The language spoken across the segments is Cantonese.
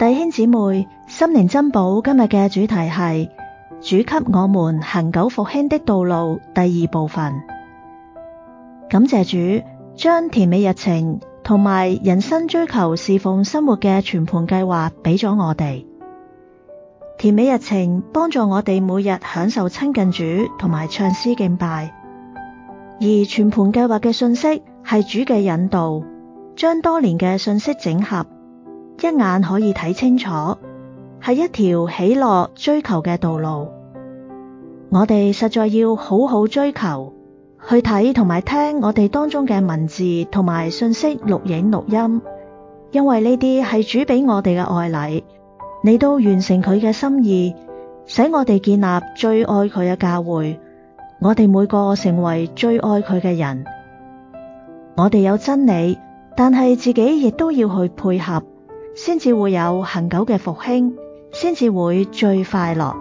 弟兄姊妹，心靈珍寶，今日嘅主題係主給我們恆久復興的道路第二部分。感謝主將甜美日程同埋人生追求侍奉生活嘅全盤計劃俾咗我哋。甜美日程幫助我哋每日享受親近主同埋唱詩敬拜，而全盤計劃嘅信息係主嘅引導，將多年嘅信息整合。一眼可以睇清楚，係一條喜樂追求嘅道路。我哋實在要好好追求，去睇同埋聽我哋當中嘅文字同埋信息錄影錄音，因為呢啲係主俾我哋嘅愛禮，你都完成佢嘅心意，使我哋建立最愛佢嘅教會。我哋每個成為最愛佢嘅人，我哋有真理，但係自己亦都要去配合。先至會有恆久嘅復興，先至會最快樂。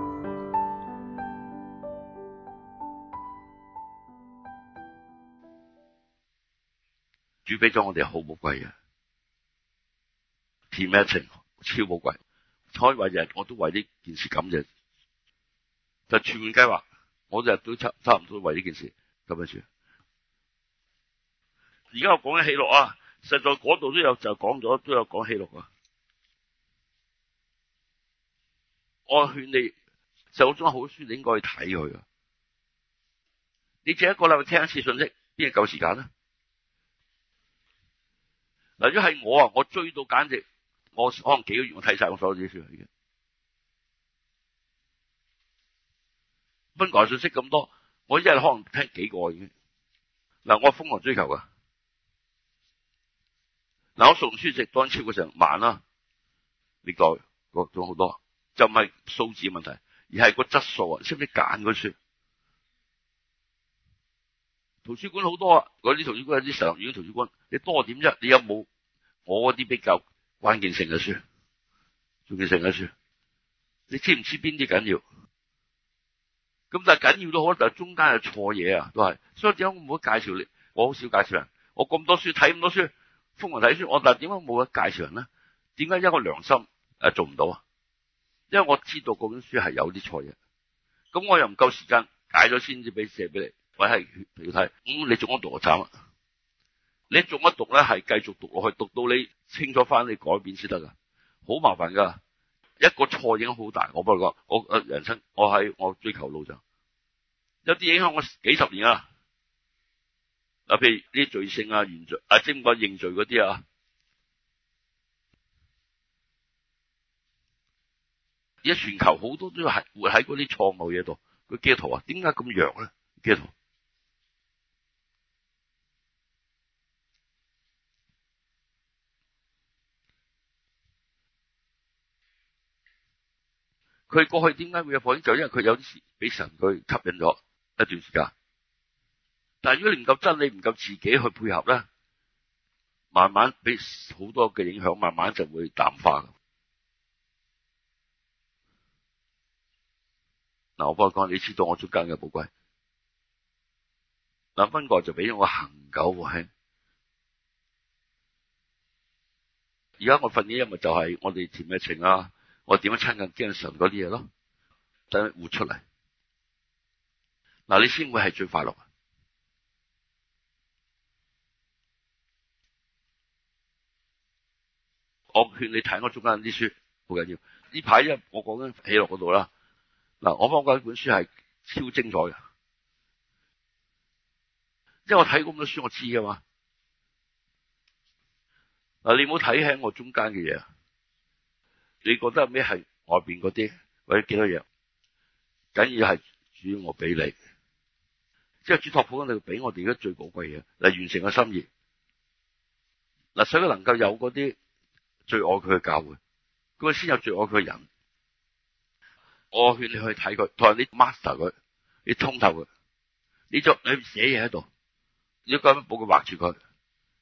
主俾咗我哋好寶貴嘅，甜蜜情超寶貴。開位日我都為呢件事感恩。就全盤計劃，我日都差差唔多為呢件事咁恩住。而家我講緊喜樂啊，實在嗰度都有就講咗，都有講喜樂啊。我勸你，就中好書，你應該去睇佢。你只一個禮拜聽一次信息，邊係夠時間呢？嗱，如果係我啊，我追到簡直，我可能幾個月我睇晒我所有啲書已經。溫訊信息咁多，我一日可能聽幾個已經。嗱，我瘋狂追求噶。嗱，我送書直當超過成晚啦，呢代我仲好多。就唔係數字問題，而係個質素啊，識唔識揀嗰書？圖書館好多啊，嗰啲圖書館有啲常用嘅圖書館，你多點啫。你有冇我嗰啲比較關鍵性嘅書？關鍵性嘅書，你知唔知邊啲緊要？咁但係緊要都好，但係中間係錯嘢啊，都係。所以點解我唔會介紹你？我好少介紹人，我咁多書睇咁多書，瘋狂睇書，我但係點解冇得介紹人呢？點解一個良心誒做唔到啊？因為我知道嗰本書係有啲錯嘅，咁我又唔夠時間解咗先至俾寫俾你，我係要睇，咁、嗯、你仲可讀我就慘啦！你仲可讀咧，係繼續讀落去，讀到你清楚翻，你改變先得噶，好麻煩噶，一個錯影響好大。我不過講，我人生，我喺我追求路上，有啲影響我幾十年啊！嗱，譬如啲罪性啊、原罪啊，點講認罪嗰啲啊。而家全球好多都係活喺嗰啲錯誤嘢，度，個基督徒啊，點解咁弱咧？基督徒，佢過去點解會有破綻？就因為佢有陣時俾神佢吸引咗一段時間。但係如果你唔夠真理，你唔夠自己去配合咧，慢慢俾好多嘅影響，慢慢就會淡化喇。嗱，我幫你講，你知道我中間嘅寶貴，諗翻過就俾咗我恒久嘅興。而家我瞓嘅一咪就係我哋填嘅情啊，我點樣親近精神嗰啲嘢咯，等活出嚟。嗱，你先會係最快樂啊。我勸你睇我中間啲書，好緊要。呢排因為我講緊起落嗰度啦。嗱，我講嗰一本書係超精彩嘅，即係我睇過咁多書，我知噶嘛。嗱，你冇睇輕我中間嘅嘢，你覺得咩係外邊啲或者幾多嘢？緊要係主我俾你，即係主托付我哋俾我哋而家最寶貴嘅，嚟完成個心意。嗱，所以能夠有啲最愛佢嘅教會，佢啊先有最愛佢嘅人。我勸你去睇佢，同埋你 master 佢，你通透佢，你作你寫嘢喺度，你應該幫佢畫住佢，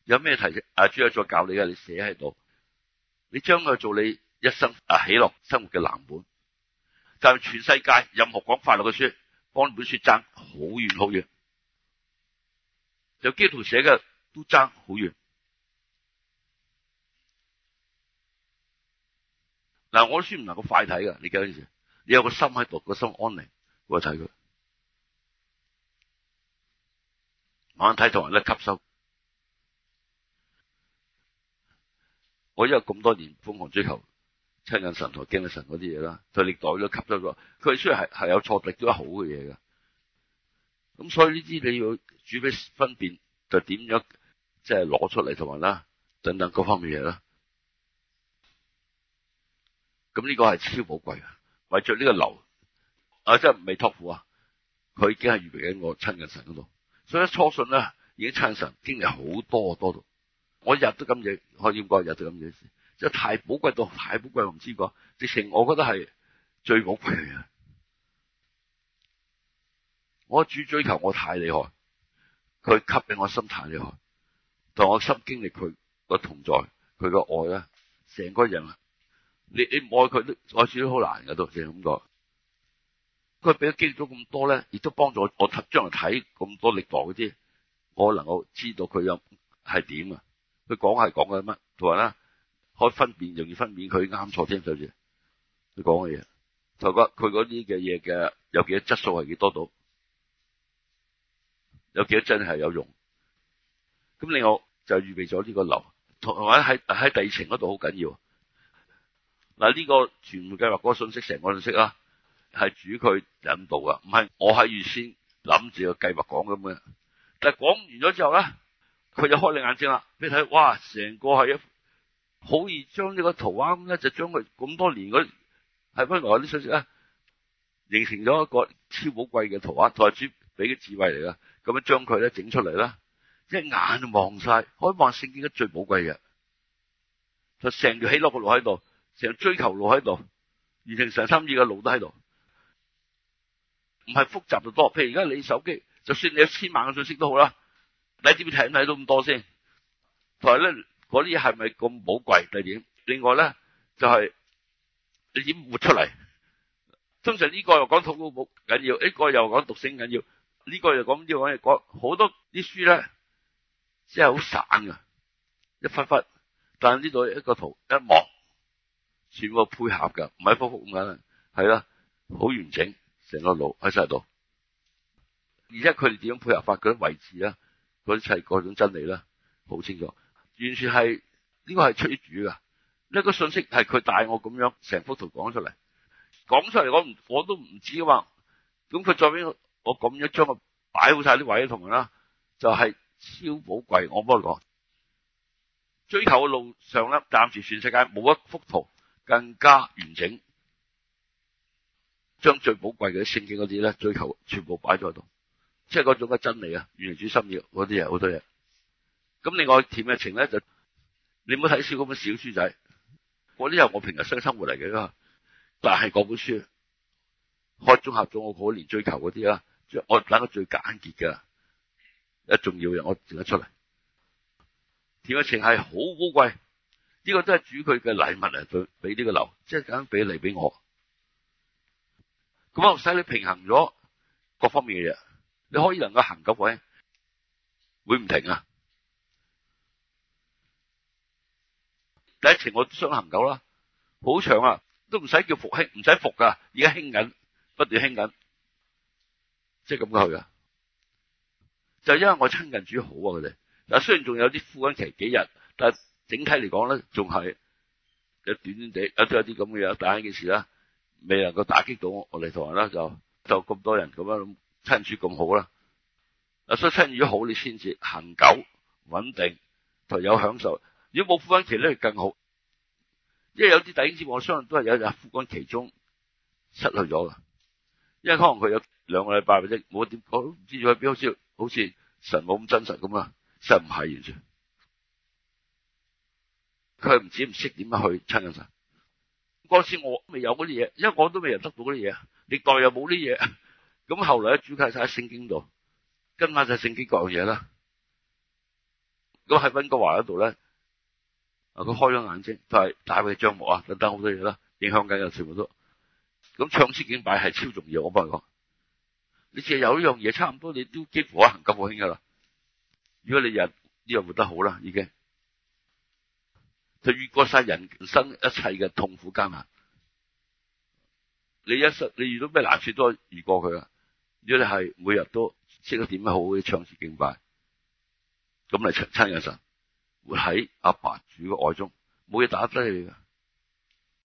有咩提阿主啊，主要再教你㗎，你寫喺度，你將佢做你一生啊喜樂生活嘅藍本。就係全世界任何講快樂嘅書，幫本書爭好遠好遠，就基督徒寫嘅都爭好遠。嗱、啊，我書唔能夠快睇噶，你記唔記得？你有個心喺度，個心安寧。我睇佢，慢慢睇同人咧吸收。我因為咁多年瘋狂追求親近神同敬愛神嗰啲嘢啦，就歷代都吸收咗。佢雖然係係有錯，亦都係好嘅嘢㗎。咁所以呢啲你要主俾分辨，就點樣即係攞出嚟同埋啦等等各方面嘢啦。咁呢個係超寶貴嘅。為著呢個樓啊，真係唔係託付啊，佢已經係預備喺我親近神嗰度。所以初信呢已經親神經歷，經歷好多多度。我日都咁嘢，可以點日都咁嘢，即係太寶貴到，太寶貴唔知講，直情我覺得係最寶貴嘅嘢。我主追求我太厲害，佢吸引我心太厲害，當我心經歷佢個同在，佢個愛咧，成個人。你你唔愛佢，愛少都好難㗎。都，就咁講。佢俾咗機會咗咁多咧，亦都幫助我我集中嚟睇咁多力度嗰啲，我能夠知道佢有係點啊？佢講係講緊乜？同埋咧，可以分辨，容易分辨佢啱錯添，甚至佢講嘅嘢，同埋佢佢嗰啲嘅嘢嘅有幾多質素係幾多到，有幾多真係有用。咁另外我就預備咗呢個樓，同埋喺喺第二層嗰度好緊要。嗱，呢個全部計劃嗰個信息，成個訊息啦，係主佢引導㗎。唔係我喺預先諗住個計劃講咁嘅。但講完咗之後呢，佢就開你眼睛啦，你睇，嘩，成個係一，好易將呢個圖畫呢，就將佢咁多年嗰係咪翻來啲訊息咧，形成咗一個超寶貴嘅圖畫。係主俾嘅智慧嚟㗎。咁樣將佢咧整出嚟啦，一眼望晒，可以望聖經嘅最寶貴嘅，就成條起多個路喺度。成日追求路喺度，完成神心意嘅路都喺度，唔係複雜到多。譬如而家你手機，就算你有千萬嘅信息都好啦，你點睇唔睇到咁多先？同埋咧嗰啲係咪咁寶貴？定點？另外咧就係你點活出嚟？通常呢個又講痛苦冇緊要，呢個又講毒性緊要，呢個又講呢樣嘢講好多啲書咧，真係好散嘅，一忽忽。但係呢度一個圖一望。全部配合噶，唔係一幅幅咁解，係啦，好完整，成個路喺晒度。而且佢哋點樣配合、法佢啲位置呀？嗰啲係各種真理啦，好清楚，完全係呢個係出於主噶。呢個信息係佢帶我咁樣成幅圖講出嚟，講出嚟我唔我都唔知嘛，咁佢再畀我咁樣將佢擺好晒啲位，同啦就係超寶貴，我幫佢講。追求嘅路上咧，暫時全世界冇一幅圖。更加完整，將最寶貴嘅啲聖經嗰啲咧追求全部擺咗喺度，即係嗰種嘅真理啊，原來主心意嗰啲嘢好多嘢。咁另外點嘅情咧就，你唔好睇少嗰本小，小書仔，嗰啲係我平日生活嚟嘅，但係嗰本書，開綜合咗我好多年追求嗰啲啊，即係我揀個最簡潔嘅，一重要嘅我整咗出嚟。點嘅情係好高貴。呢個都係主佢嘅禮物嚟，佢俾呢個留，即係咁樣俾嚟俾我。咁我使你平衡咗各方面嘅嘢，你可以能夠行九位，會唔停啊？第一程我想行九啦，好長啊，都唔使叫復興，唔使復噶，而家興緊，不斷興緊，即係咁噶佢啊！就因為我親近主好啊，佢哋。但係雖然仲有啲負緊期幾日，但係。整體嚟講咧，仲係有短短哋，有啲有啲咁嘅嘢，但係件事咧，未能夠打擊到我哋同行啦，就就咁多人咁樣咁親主咁好啦。啊，所以親主好你先至恆久穩定就有享受。如果冇枯乾期咧，更好。因為有啲弟兄姊妹我相信都係有日枯乾期中失去咗嘅，因為可能佢有兩個禮拜或者冇點講，唔知去邊好似好似神冇咁真實咁啊，實唔係完全。佢唔知唔識點樣去親近神，嗰時我未有嗰啲嘢，因為我都未有得到嗰啲嘢，歷代又冇啲嘢。咁後來主主晒喺聖經度，跟翻就聖經各樣嘢啦。咁喺溫哥華嗰度咧，啊佢開咗眼睛，就係大衛帳幕啊，等等好多嘢啦，啊，影響緊又全部都。咁唱詩敬拜係超重要，我唔係講，你淨係有呢樣嘢差唔多，你都幾乎、啊、行咁好興噶啦。如果你日呢樣活得好啦，已經。就越過曬人生一切嘅痛苦艱難，你一生你遇到咩難處都越過佢啦。如果你係每日都識得點樣好好嘅唱詩敬拜，咁嚟親近神，會喺阿爸主嘅愛中，冇嘢打低嘅。